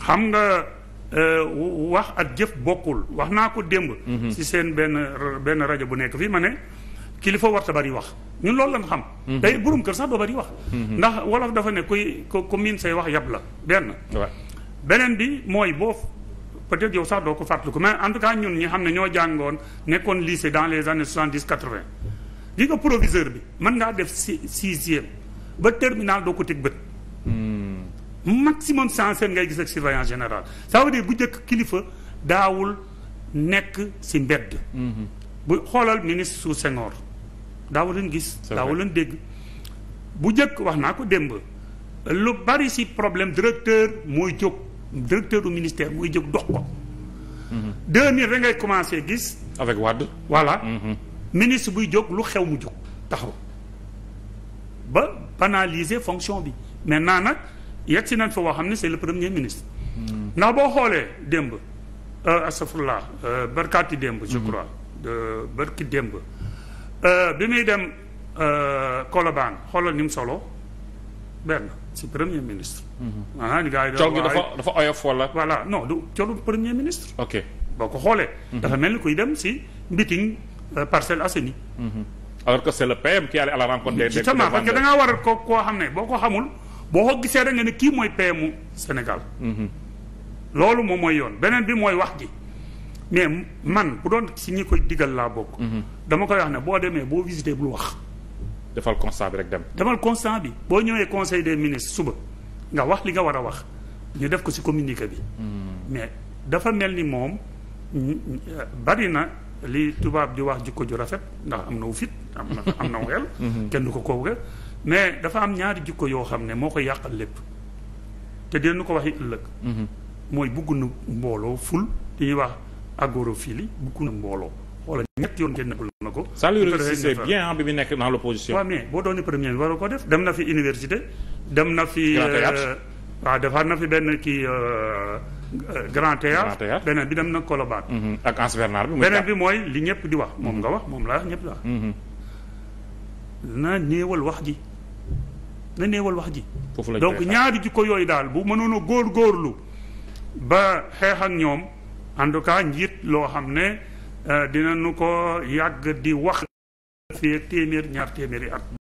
xam nga euh, wax ak jëf bokkul wax naa ko démb. Mhm. ci seen benn benn rajo bu nekk fii ma ne kilifa sa bari wax ñu loolu lañ xam. day mhm. burum kër sax doo bari wax. Mhm. ndax wolof dafa ne kuy ku miin say wax yab la benn. beneen bi mooy boo peut-être yow sax doo ko fàttaliku mais en tout cas ñun ñi xam ne ñoo jàngoon nekkoon lycée dans les années soixante-dix quatre-vingt. di nga proviseur bi mën ngaa def si sixième ba terminal doo ko teg bët. maximum censure ngay gis ak surveillance générale ça veut dire bu njëkk kilifa daawul nekk si mbedd. Mhm. bu xoolal ministre su Senghor daawu leen gis. daawu leen dégg bu njëkk wax naa ko démb. lu bari si problème directeur mooy jóg directeur du ministère mooy jóg dox ko. 2000 mhm. rek ngay commencé gis. avec Wade. voilà mhm. ministre buy jóg lu xew mu jóg taxaw ba banaliser fonction bi maintenant nag. yegg si nañ fa woo xam ne c'est le premier ministre ndax boo xoolee démb euh, astafurlah euh, barkaati démb je mhm. crois barki démb euh, bi muy dem Colobane xoolal ni mu solo benn si premier ministre maanaam ah, gars yi col gi dafa dafa oyof premier ministre boo ko xoolee mhm. dafa mel ni kuy dem si meeting Parcelles Assainies mhm. alors que c'est le PM qui allait à la rencontre des war ko koo xam ne boo ko xamul boo ko gisee rek nga ne kii mooy PMU Sénégal. Mhm. loolu moom mooy yoon beneen bi mooy wax ji mais man bu doon si ñi koy digal laa bokk. Mhm. dama koy wax ne boo demee boo visité bul wax. defal constat bi rek dem. defal constat bi boo ñëwee conseil des ministre suba nga wax li nga war a wax ñu def ko si communiqué bi. Mhm. mais dafa mel ni moom bari na li tubaab di wax jikko ju rafet ndax am na wu fit am na am na wu kenn du ko kooku mais dafa am ñaari jukko yoo xam ne moo koy yàqal lépp te dinañu ko waxi ëllëg mhm. mooy bugg na mbooloo ful li ñuy wax agorophilie bugg na mbooloo xoola ñett yoon génn na ko ça lui réussissait bien bi mu nekk dans l'opposition waaw mais boo doonee premier waroo ko def dem na fi université dem na fi euh, waaw defar na fi benn kii euh, euh, grand théâtre beneen bi dem na Colobane mhm. ak Anse Bernard bi beneen bi mooy li ñëpp di wax moom nga mhm. wax moom laa wax ñëpp la wax na wax ji na néewal wax ji. donc ñaari jikko yooyu daal bu mënoon góor góorlu ba xeex ak ñoom en tout cas njiit loo xam ne euh, dinañu ko yàgg di wax. fii téeméer ñaar téeméeri at.